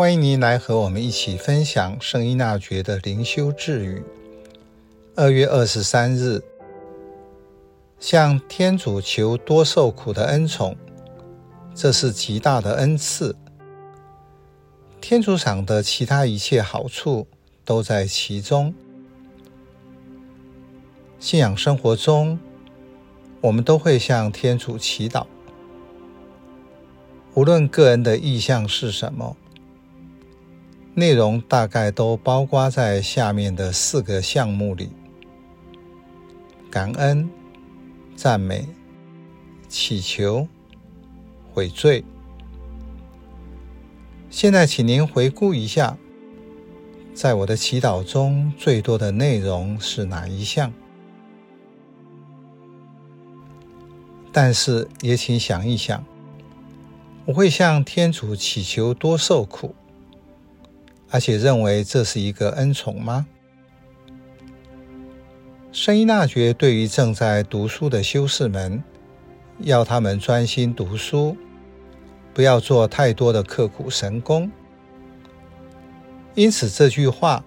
歡迎您來和我們一起分享聖依納爵的靈修智語，二月二十三日，向天主求多受苦的恩寵，這是極大的恩賜。天主賞的其他一切好處都在其中。信仰生活中，我們都會向天主祈禱，無論個人的意向是什麼？內容大概都包括在下面的四個項目裡：感恩、讚美、祈求、悔罪。現在，請您回顧一下，在我的祈禱中，最多的內容是哪一項？但是，也請想一想，我會向天主祈求多受苦。而且認為這是一個恩寵嗎？聖依納爵對於正在讀書的修士們，要他們專心讀書，不要做太多的克苦神工。因此，這句話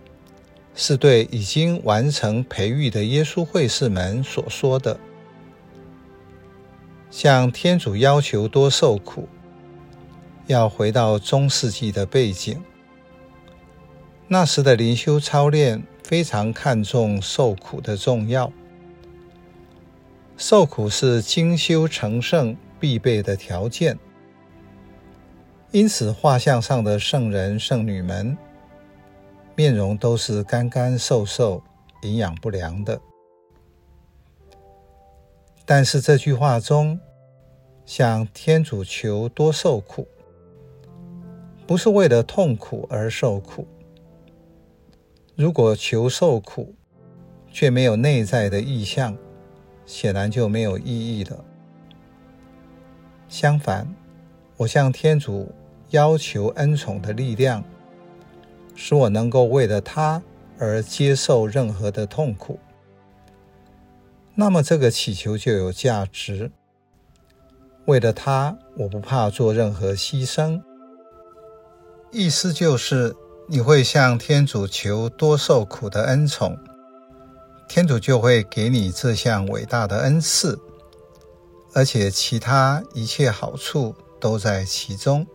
是對已經完成培育的耶穌會士們所說的。向天主要求多受苦，要回到中世紀的背景。那時的靈修操練非常看重受苦的重要，受苦是精修成聖必備的條件。因此，畫像上的聖人、聖女們面容都是乾乾瘦瘦、營養不良的。但是，這句話中，向天主求多受苦，不是為了痛苦而受苦。如果求受苦，卻沒有內在的意向，顯然就沒有意義了。相反，我向天主要求恩寵的力量，使我能夠為了他而接受任何的痛苦。那麼這個祈求就有價值。為了他，我不怕做任何犧牲。意思就是。你會向天主求多受苦的恩寵，天主就會給你這項偉大的恩賜，而且其他一切好處都在其中。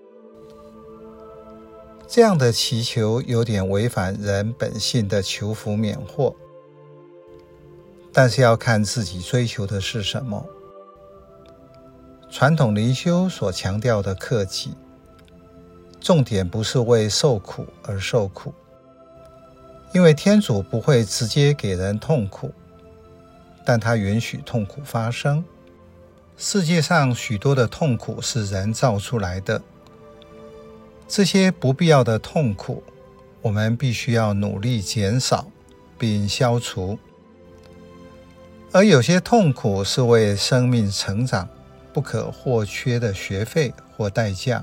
這樣的祈求有點違反人本性的求福免禍，但是要看自己追求的是什麼？傳統靈修所強調的克己。重點不是為受苦而受苦，因為天主不會直接給人痛苦，但他允許痛苦發生。世界上許多的痛苦是人造出來的，這些不必要的痛苦，我們必須要努力減少並消除。而有些痛苦是為生命成長不可或缺的學費或代價。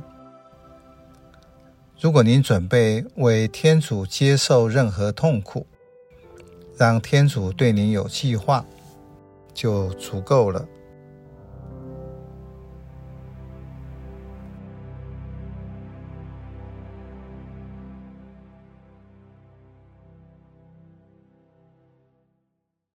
如果您準備為天主接受任何痛苦，讓天主對您有計劃，就足夠了。